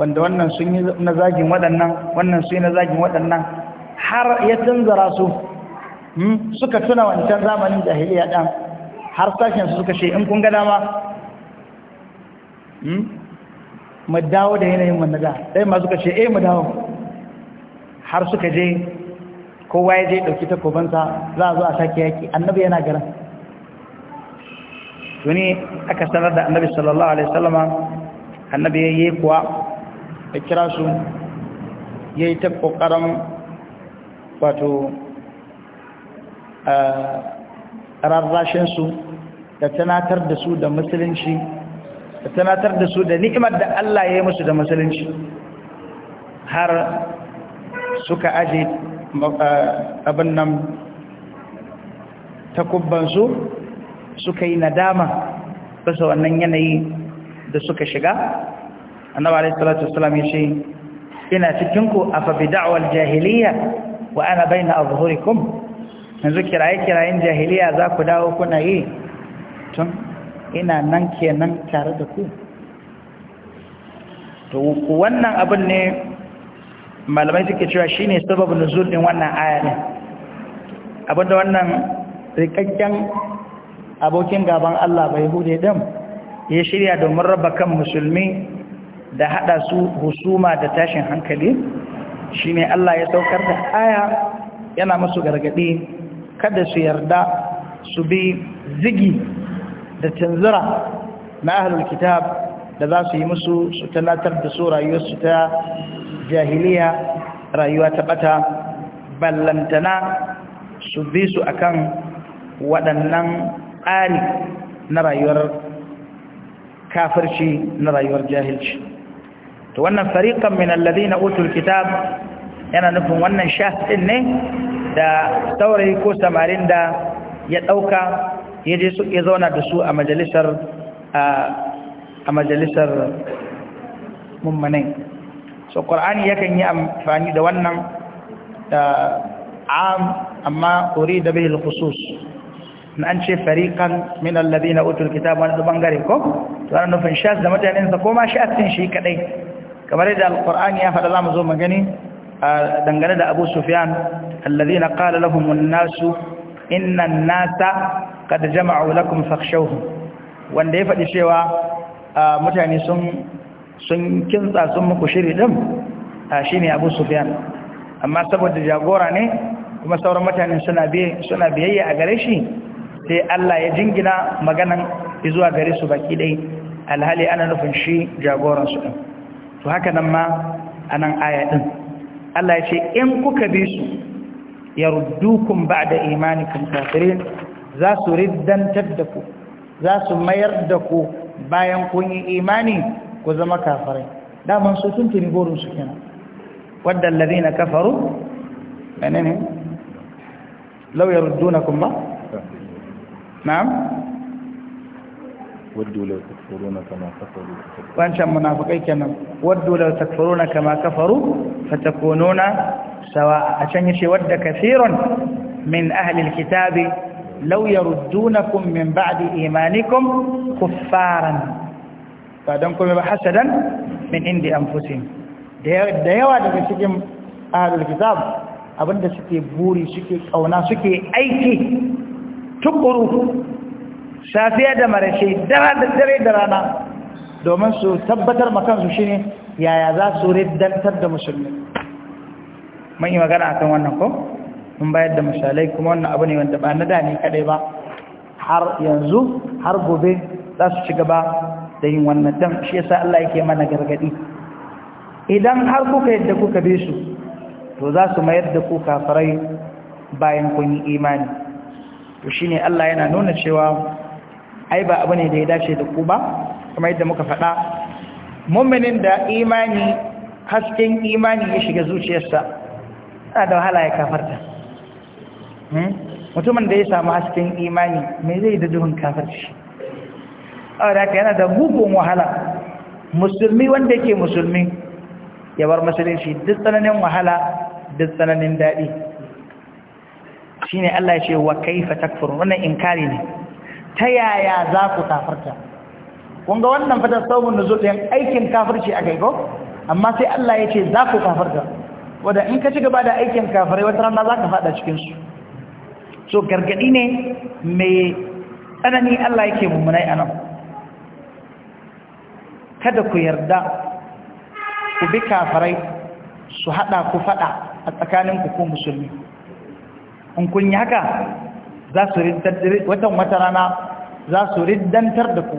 wanda wannan sun yi na zagin waɗannan wannan sun yi na zagin waɗannan har ya tunzara su hmm, suka tuna wancan zamanin jahiliya ɗan har sashen su suka ce in kun gada ma. Hmm, mu dawo da yanayin mu na da ɗaya ma suka ce eh mu dawo har suka je kowa ya je ɗauki takobanta za a zo a sake yaki annabi yana gara tuni aka sanar da annabi sallallahu alaihi wasallama annabi ya yi kuwa ya kira su ya yi ta ƙoƙarin wato eh, rarrashinsu da tunatar da su da musulunci da tunatar da su da ni'imar da Allah ya yi musu da musulunci har suka aje eh, abin nan takubbansu suka yi nadama bisa wannan yanayi da suka shiga annaba alaihi salatu wassalam yace ina ina cikinku afa bi da'wal jahiliya wa ana baina azhurikum yanzu kiraye kirayen jahiliya za ku dawo kuna yi tun ina nan kenan tare da ku to wannan abin ne malamai suke cewa shine sababin nuzul din wannan aya ne abinda wannan rikakken abokin gaban Allah bai hude din ya shirya domin raba kan musulmi da hada su husuma da tashin hankali shine Allah ya saukar da aya yana musu gargadi kada su yarda su bi zigi da tanzira na ahlul kitab da za su yi musu su talatar da su rayuwarsu ta jahiliya rayuwa ta bata ballantana su bi su akan waɗannan tsari na rayuwar kafirci na rayuwar jahilci to wannan fariƙan min na utul kitab yana nufin wannan shaf ɗin ne da saurayi ko samarin da ya ɗauka. ya je ya zauna da su a majalisar a majalisar mummanai so ƙwar'ani yakan yi amfani da wannan da am amma ori da bihil khusus na an ce fariƙan min allabi na utul kitab wani bangare ko to ana nufin shas da mutanensa ko ma shasin shi kadai kamar yadda alƙwar'ani ya faɗa lamu zo magani dangane da abu sufyan allabi na ƙala lahumun nasu innan nasa kada jama'u lakum fakhshawhum wanda ya faɗi cewa mutane sun sun kinsa sun muku shiri din shine Abu Sufyan amma saboda jagora ne kuma sauran mutane suna bi suna biyayya a gare shi sai Allah ya jingina maganan zuwa gare su baki dai alhali ana nufin shi jagoran su to haka nan ma anan aya din Allah ya ce in kuka bi su yarudukum ba'da imanikum kafirin za su riddantar da ku za su mayar da ku bayan kun yi imani ku zama kafirai daman su sun tuni burin su kenan wadda allazina kafaru menene law yaruddunakum ba na'am waddu law takfuruna kama kafaru wancan munafikai kenan waddu law takfuruna kama kafaru fatakununa sawa a can yace wadda kaseeran min ahli alkitabi law yaruddunakum min ba'di imanikum kuffaran ba don kuma ba hasadan min indi anfusihim da yawa daga cikin ahlul kitab abinda suke buri suke kauna suke aiki tukuru safiya da marashe dare da rana domin su tabbatar makansu shine yaya za su riddantar da musulmi mun yi magana akan wannan ko mun bayar da misalai kuma wannan abu ne wanda ba na da ne kadai ba har yanzu har gobe za su ci gaba da yin wannan dan shi yasa Allah yake mana gargadi idan har kuka yadda kuka bi su to za su mayar da ku kafirai bayan kun yi imani to shine Allah yana nuna cewa ai ba abu ne da ya dace da ku ba kuma yadda muka faɗa Muminin da imani hasken imani ya shiga zuciyarsa ana da wahala ya kafarta Hmm? mutumin da ya samu hasken imani mai zai da duhun shi? a da yana da mugun wahala musulmi wanda yake musulmi ya bar musulunci duk tsananin wahala duk tsananin daɗi shi ne Allah ce wa kaifa takfurun wannan inkari ne ta yaya za ku kafarta kunga wannan fata saurin nuzul ɗin aikin kafirci a gaiko amma sai Allah ya ce za ku kafarta wadda in ka ci gaba da aikin kafirai wata rana za ka faɗa cikinsu so gargadi ne mai tsanani Allah yake mummunai anan kada ku yarda ku bi kafarai su hada ku fada a tsakanin ku ko musulmi in kun yi haka za su watan wata rana za su riddantar da ku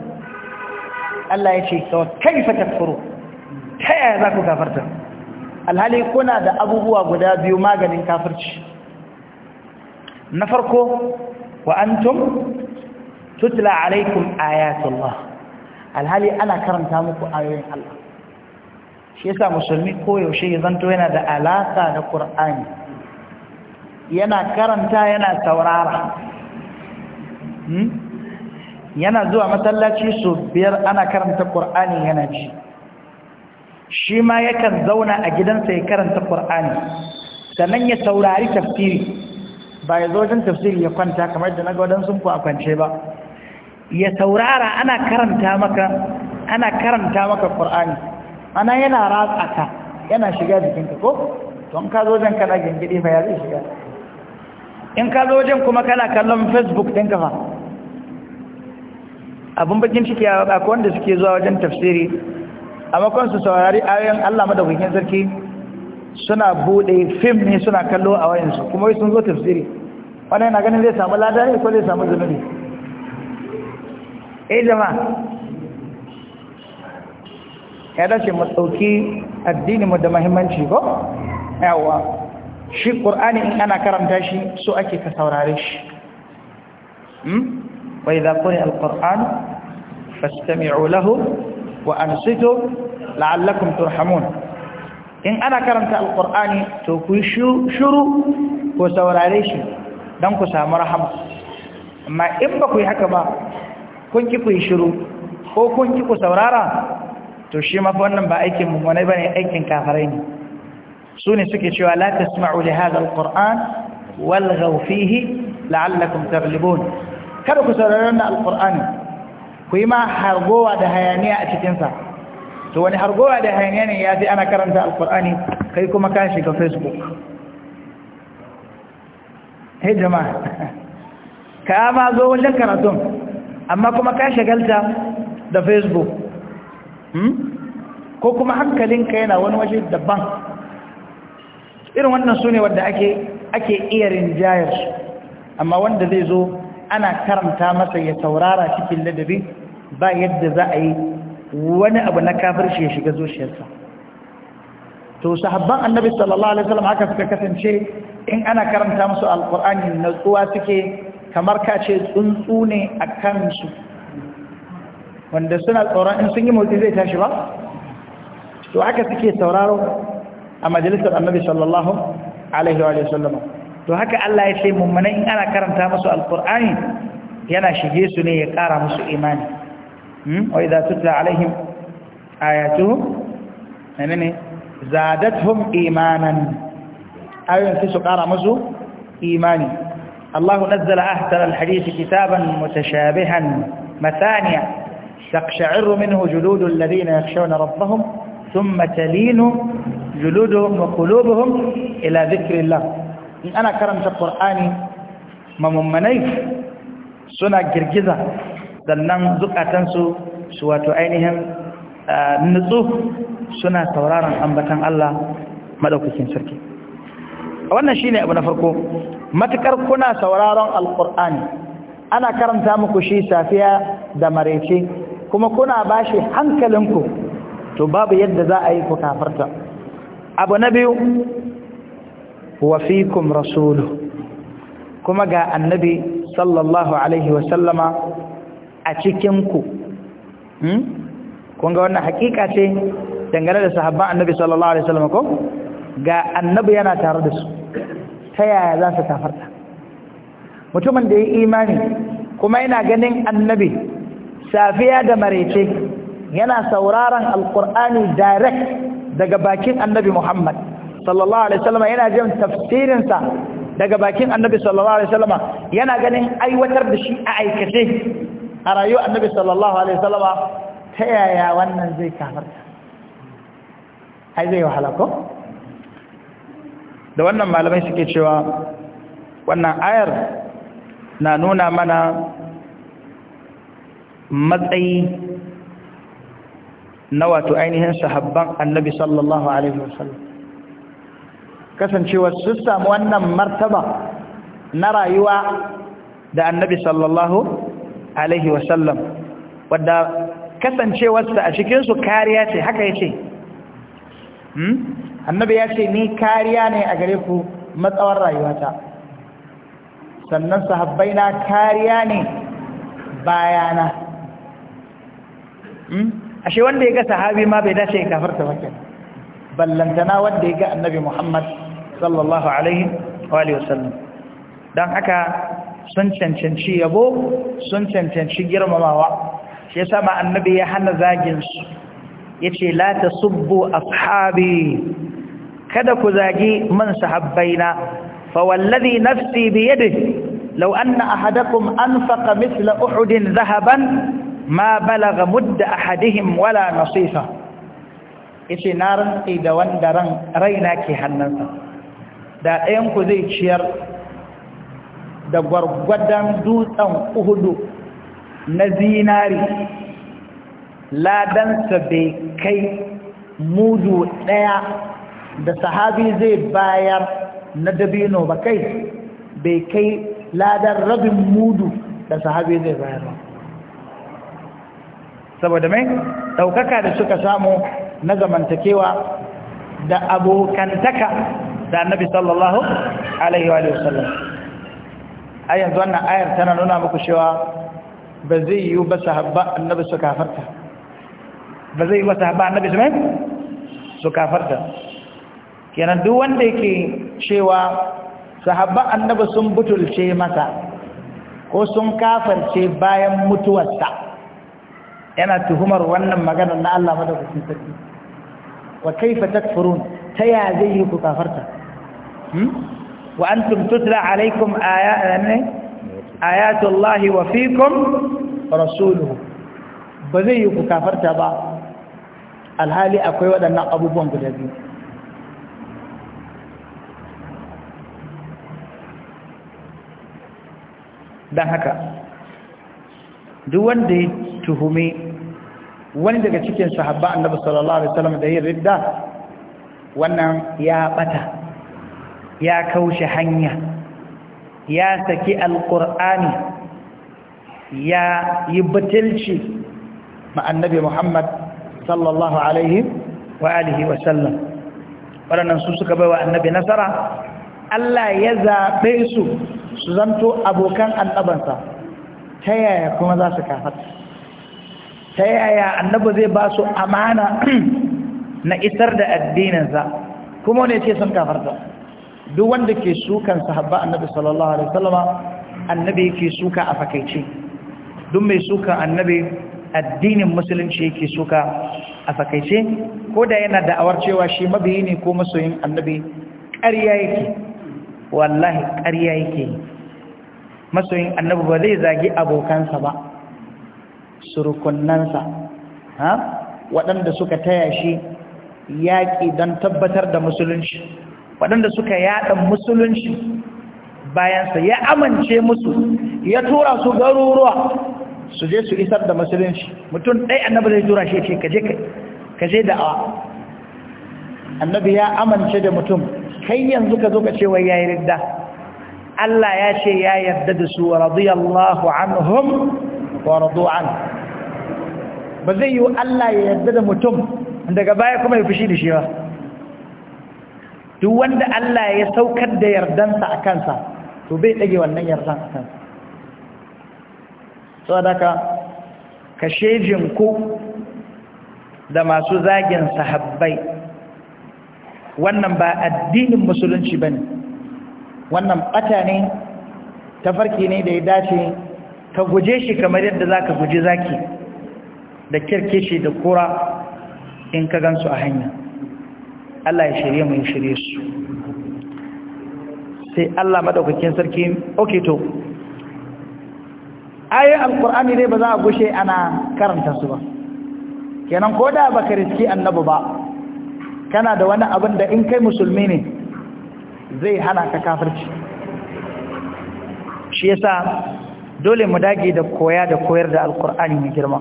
Allah ya ce kai fa takfuru ta yaya za ku kafarta alhali kuna da abubuwa guda biyu maganin kafirci na farko wa antum tutla alaikum ayatullah alhali ana karanta muku ayoyin Allah shi yasa musulmi ko yaushe zanto yana da alaka da Qur'ani yana karanta yana saurara hmm? yana zuwa masallaci su biyar ana karanta Qur'ani yana ji shi ma yakan zauna a gidansa ya karanta Qur'ani sannan ya saurari tafsiri ba ya zo wajen tafsiri ya kwanta kamar da na ga wadansu ku a kwance ba ya saurara ana karanta maka ana karanta maka qur'ani ana yana ratsa ka yana shiga jikinka ko to in ka zo wajen kana gingidi fa ya zai shiga in ka zo wajen kuma kana kallon facebook ɗinka fa abin bakin ciki a wanda suke zuwa wajen tafsiri a makon su saurari ayoyin Allah madaukakin sarki suna bude fim ne suna kallo a wayansu kuma sun zo tafsiri wani yana ganin zai samu lada ko zai samu zunubi eh jama ya dace mu dauki addini mu da muhimmanci ko yawa shi qur'ani in ana karanta shi so ake ka saurare shi hmm wa idha quri alquran fastami'u lahu wa ansitu la'allakum turhamun in ana karanta alkur'ani to ku shuru ku saurare shi don ku samu rahama amma in ba ku yi haka ba kun ki ku shuru ko kun ki ku saurara to shi mafi wannan ba aikin mummunai ba ne aikin kafarai ne su ne suke cewa la tasma'u li hadha alquran walghaw fihi la'allakum taghlibun kada ku saurari wannan alqur'ani ku yi ma hargowa da hayaniya a cikin sa to wani hargowa da hayaniya ya fi ana karanta alkur'ani kai kuma ka shiga facebook hey jama'a ka ma zo wajen karatun amma kuma ka shagalta da facebook hmm? ko kuma hankalinka yana wani waje daban irin wannan su ne wadda ake ake iya rinjayar su amma wanda zai zo ana karanta masa ya saurara cikin ladabi ba yadda za a yi wani abu na kafir shi ya shiga zuciyarsa to sahabban annabi sallallahu alaihi wasallam haka suka kasance in ana karanta musu alqur'ani natsuwa suke kamar ka ce tsuntsu ne a kansu wanda suna tsoron in sun yi motsi zai tashi ba to haka suke sauraro a majalisar annabi sallallahu alaihi wa sallam to haka Allah ya ce mummuna in ana karanta musu alqur'ani yana shige su ne ya kara musu imani وإذا تتلى عليهم آياتهم يعني زادتهم إيمانا أو ينفسوا قارا مزو إيماني الله نزل أهتر الحديث كتابا متشابها مثانيا تقشعر منه جلود الذين يخشون ربهم ثم تلين جلودهم وقلوبهم إلى ذكر الله أنا كرمت القرآن ممنيف سنة جرجزة sannan zukatansu su wato ainihin ah, nutsu suna sauraron ambatan Allah madaukakin sarki wannan shine abu na farko matakar kuna sauraron alqur'ani ana karanta muku shi safiya da marece kuma kuna bashi hankalinku to babu yadda za a yi ku kafarta abu na biyu wa fikum rasuluhu kuma ga annabi sallallahu alaihi wa sallama. a cikinku hmm? kun ga wannan hakika ce dangane da sahabban annabi sallallahu alaihi wasallam ko ga annabi yana tare da su ta yaya za su tafarta? mutumin da ya imani kuma yana ganin annabi safiya da marece yana sauraron alkur'ani direct daga bakin annabi muhammad sallallahu alaihi wasallam yana jin tafsirinsa daga bakin annabi sallallahu alaihi wasallam yana ganin aiwatar da shi a aikace a rayuwar annabi sallallahu alaihi wasallama ta yaya wannan zai kafarta ai zai wahala ko da wannan malamai suke cewa wannan ayar na nuna mana matsayi na wato ainihin sahabban annabi sallallahu alaihi wasallam kasancewa su samu wannan martaba na rayuwa da annabi sallallahu alaihi wasallam wadda kasancewarsa a cikinsu kariya ce haka ya ce hmm? annabi ya ce ni kariya ne a gare ku matsawar rayuwata sannan sahabbai na kariya ne bayana hmm? ashe wanda ya ga sahabi ma bai dace ya kafarta wakil ballantana wanda ya ga annabi muhammad sallallahu alaihi wa sallam don haka sun cancanci yabo sun cancanci girmamawa shi yasa ma annabi ya hana zagin su yace la tasubbu ashabi kada ku zagi man sahabbaina fa wallazi nafsi bi yadihi law anna ahadakum anfaqa mithla uhudin dhahaban ma balagha mudda ahadihim wala nasifa yace na rantsi da wanda ran raina ke hannansa da ɗayan ku zai ciyar da gwargwadon dutsen uhudu na zinari ladansa bai kai mudu ɗaya da sahabi zai bayar na dabino ba kai bai kai ladan rabin mudu da sahabi zai bayar ba saboda mai ɗaukaka da suka samu na zamantakewa da abokantaka da annabi sallallahu alaihi wa sallam ai yanzu wannan ayar tana nuna muku cewa ba zai yi ba sahaba annabi su kafarta ba zai yi ba sahabba annabi su mai su kafarta kenan duk wanda yake cewa sahaba annabi sun butulce masa ko sun kafarce bayan mutuwarsa yana tuhumar wannan magana na Allah madaukakin sarki wa kaifa takfurun ta ya zai yi ku kafarta hmm? wa antum tutla alaikum ayatullahi wa fikum rasuluhu ba zai yi ku kafarta ba alhali akwai waɗannan abubuwan guda biyu don haka duk wanda ya tuhumi wani daga cikin sahabba annabi sallallahu alaihi wasallam da yin ridda wannan ya ɓata. ya kaushe hanya ya saki alƙur'ani ya yi batilci ma muhammad sallallahu alaihi wa alihi wa sallam waɗannan su suka bai wa annabi nasara Allah ya zaɓe su su zanto abokan annabansa ta yaya kuma za su kafata ta yaya annabi zai ba su amana na isar da addininsa kuma wani ya ce sun kafarta duk wanda ke sukan sahabba annabi sallallahu alaihi wasallama annabi yake suka a fakaice duk mai suka annabi addinin musulunci yake suka a fakaice ko da yana da'awar cewa shi mabiyi ne ko masoyin annabi ƙarya yake wallahi ƙarya yake masoyin annabi ba zai zagi abokansa ba surukunnansa ha waɗanda suka taya shi yaƙi don tabbatar da musulunci waɗanda suka yaɗa musulunci bayansa ya amince musu ya tura su garuruwa su je su isar da musulunci mutum ɗai annabi zai tura shi ce ka je da'awa annabi ya amince da mutum kai yanzu ka zo ka ce wai ya yi ridda Allah ya ce ya yarda da su radiyallahu anhum wa radu'an ba zai yi Allah ya yarda da mutum daga baya kuma ya fushi da shi ba duk wanda Allah ya saukar da yardansa a kansa to bai ɗage wannan yardan a kansa da kashe jinku da masu zagin sahabbai wannan ba addinin musulunci ba ne wannan ɓata ne tafarki ne da ya dace ka guje shi kamar yadda za ka guji zaki da kirkishi da kura in ka gansu a hanya Allah ya shirye mu shirye su sai Allah madaukakin sarki okay to ayi alkur'ani dai ba za a gushe ana karanta su ba kenan ko da baka riski annabi ba kana da wani abin da in kai musulmi ne zai hana ka kafirci shi yasa dole mu dage da koya da koyar da alkur'ani mai girma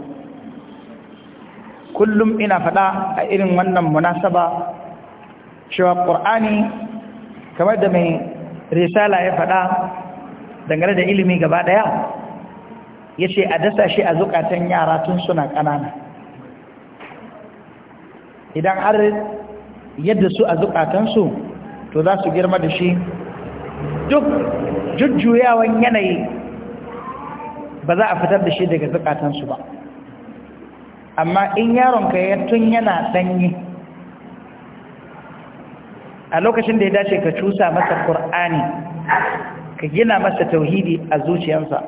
kullum ina fada a irin wannan munasaba cewa ƙur'ani kamar da mai risala ya faɗa dangane da ilimi gaba ɗaya ya ce a dasa shi a zukatan yara tun suna ƙanana idan har yadda su a zukatansu to za su girma da shi duk jujjuyawan yanayi ba za a fitar da shi daga zukatansu ba amma in yaronka ya tun yana ɗanyi a lokacin da ya dace ka cusa masa ƙur'ani ka gina masa tauhidi a zuciyarsa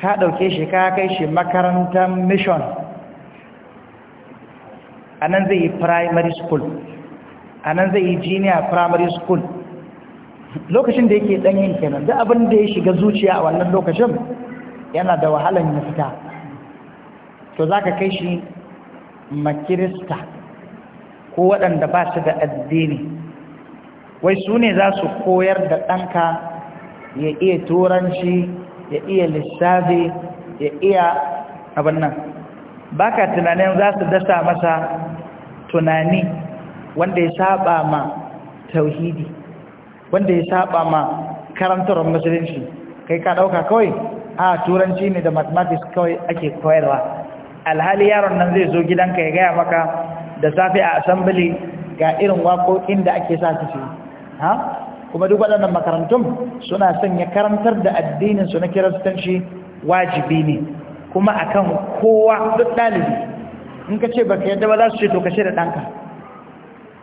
ka ɗauke shi ka kai shi makarantar mission a nan zai yi primary school a nan zai yi junior primary school lokacin da yake yin kenan da abin da ya shiga zuciya a wannan lokacin yana da wahalan ya fita to za ka kai shi makirista ko waɗanda ba su da addini wai su ne za su koyar da ɗanka ya iya turanci ya iya lissafi ya iya abin nan ba ka tunanin za su dasa masa tunani wanda ya saba ma tauhidi wanda ya saba ma karantar musulunci kai ka ɗauka kawai a turanci ne da mathematics kawai ake koyarwa alhali yaron nan zai zo gidanka ya gaya maka da safe a assembly ga irin waƙoƙin da ake sa su ha kuma duk waɗannan makarantun suna sanya karantar da addinin su na kiristanci wajibi ne kuma akan kowa duk ɗalibi in ka ce baka yadda ba za su ce to kashe da ɗanka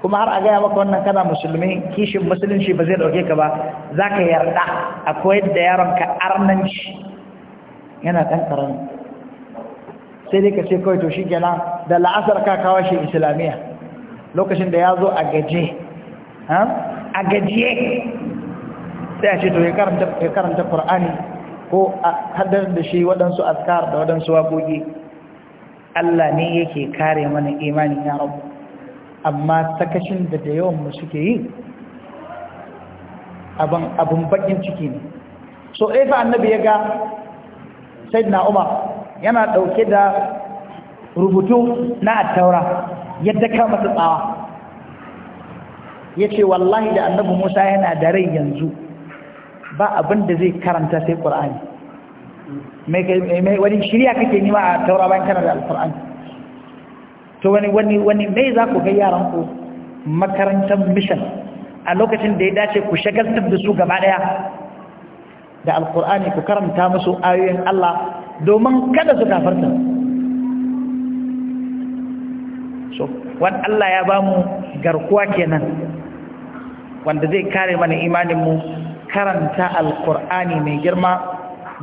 kuma har a gaya maka wannan kana musulmi kishin musulunci ba zai ɗauke ka ba za ka yarda a koyar da yaronka arnanci yana ɗan ƙarami sai dai ka ce kawai to shi kenan da la'asar ka kawo shi islamiyya lokacin da ya zo a gaje a gajiye sai a ce to ya karanta ƙur'ani ko a haddar da shi waɗansu askar da waɗansu waƙoƙi Allah ne yake kare mana imani ya rabu amma sakashin da da yawan suke yi abin bakin ciki ne so efa eh, annabi ya ga sayyidina umar yana ɗauke da rubutu na attaura yadda kama tsawa ya ce wallahi da annabi musa yana da rai yanzu ba abin da zai karanta sai ƙur'ani wani shirya kake nima a taura bayan kana da qurani to wani wani mai za ku ga yaran ku makarantar mission a lokacin da ya dace ku shagaltar da su gaba ɗaya da al-qur'ani ku karanta musu ayoyin allah domin kada su kafarta so wani Allah ya ba mu garkuwa kenan wanda zai kare mana imaninmu karanta alkur'ani mai girma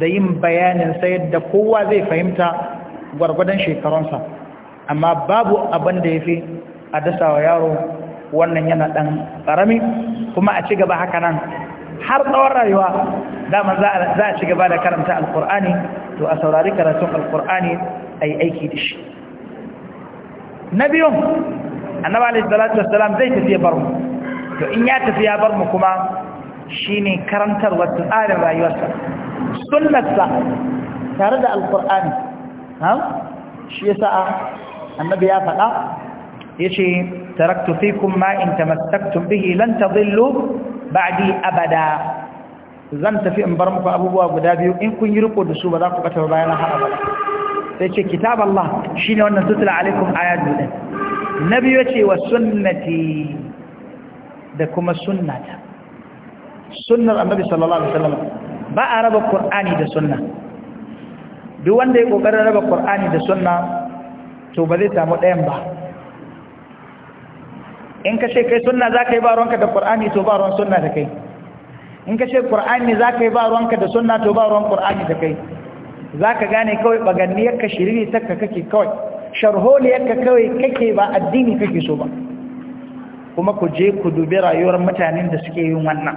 da yin bayanin sa yadda kowa zai fahimta gwargwadon shekarunsa amma babu abin da ya fi a dasawa yaro wannan yana ɗan ƙarami kuma a ci gaba haka nan har tsawon rayuwa dama za a ci gaba da karanta alkur'ani to a saurari karatun alkur'ani a aiki da shi na biyun annabi alaihi salatu wassalam zai tafi ya bar mu to in ya tafi ya bar mu kuma shine karantarwa tsarin rayuwarsa sunnarsa tare da alqur'ani ha shi yasa annabi ya faɗa yace taraktu fikum ma in tamassaktum bihi lan tadillu ba'di abada zan tafi in bar muku abubuwa guda biyu in kun yi riko da su ba za ku bata bayan har abada sai ce kitab Allah shi ne wannan tutula alaikum ayatu ɗin na biyu ya ce wa sunnati da kuma sunnata sunnar annabi sallallahu alaihi wasallam ba a raba qur'ani da sunna duk wanda ya kokarin raba qur'ani da sunna to ba zai samu ɗayan ba in ka ce kai sunna za ka yi ba ruwanka da qur'ani to ba ruwan sunna da kai in ka ce qur'ani za ka yi ba ruwanka da sunna to ba ruwan qur'ani da kai za ka gane kawai baganniyarka shiriri takka kake kawai sharholiyarka kawai kake ba addini kake so ba kuma ku je ku dubi rayuwar mutanen da suke yin wannan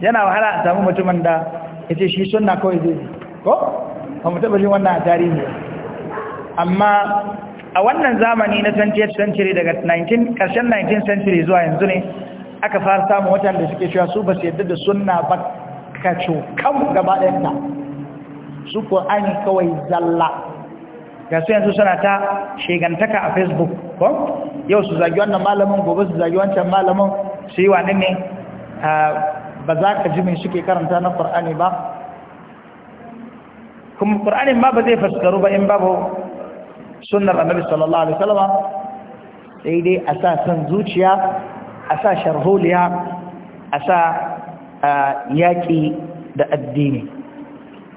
yana wahala a samu mutumin da ya ce shi suna kawai zai ko? ba mu taɓa shi wannan a tarihi amma a wannan zamani na 20th century daga ƙarshen 19th century zuwa yanzu ne aka fara samun watan da suke cewa su ba su yadda da suna ba kacokan gaba ɗayanta su ƙur'ani kawai zalla ga su yanzu suna ta shegantaka a facebook ko yau su zagi wannan malamin gobe su zagi wancan malamin su yi wani ne ah, ba za ka ji mai suke karanta na kur'ani ba kuma ƙur'anin ma ba zai faskaru ba in babu sunnar annabi sallallahu alaihi wasallam sai a sa san zuciya a sa sharholiya a sa yaƙi da addini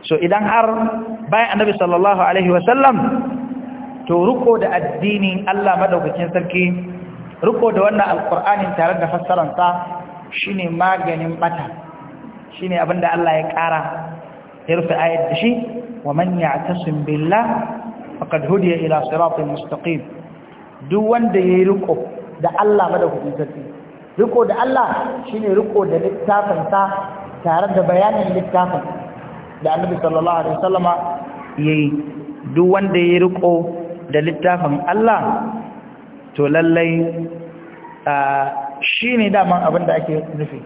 so idan har bayan annabi sallallahu alaihi wasallam to riko da addini Allah madaukakin sarki riko da wannan alkur'anin tare da fassaransa shine maganin bata shine abinda Allah ya ƙara ya rufe ayat da shi wa man ya'tasim billah faqad hudiya ila siratin mustaqim duk wanda yayi riko da Allah madaukakin sarki riko da Allah shine riko da littafin sa tare da bayanin littafin da Annabi sallallahu alaihi wasallama yayi duk wanda ya riko da littafin Allah to lallai shine daman abin da ake nufi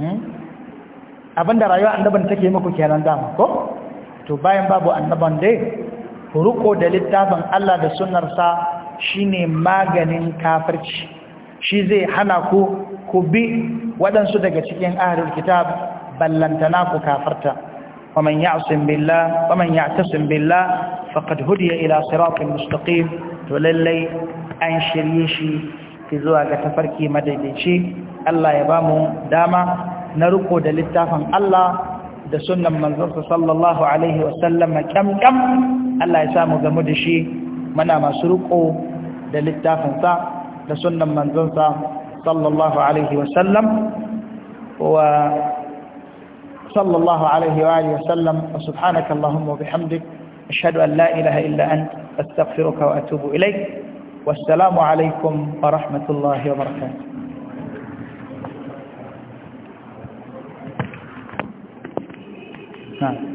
hmm? abin da rayuwa annaban take muku kenan dama ko to bayan babu annaban dai riko da littafin Allah da sa shine maganin kafirci shi zai hana ku ku bi waɗansu daga cikin ahlul kitab ballantana ku kafarta waman ya'sim billah waman ya'tasim billah faqad hudiya ila siratin mustaqim to lallai an shirye shi zuwa ga tafarki madaidaici Allah ya bamu dama na riko da littafin Allah da sunnan manzonsa sallallahu alaihi wasallam kam kam Allah ya samu gamu da shi muna masu riko da littafinsa لسنة من ذنفة صلى الله عليه وسلم وصلى الله عليه وآله وسلم وسبحانك اللهم وبحمدك أشهد أن لا إله إلا أنت أستغفرك وأتوب إليك والسلام عليكم ورحمة الله وبركاته نعم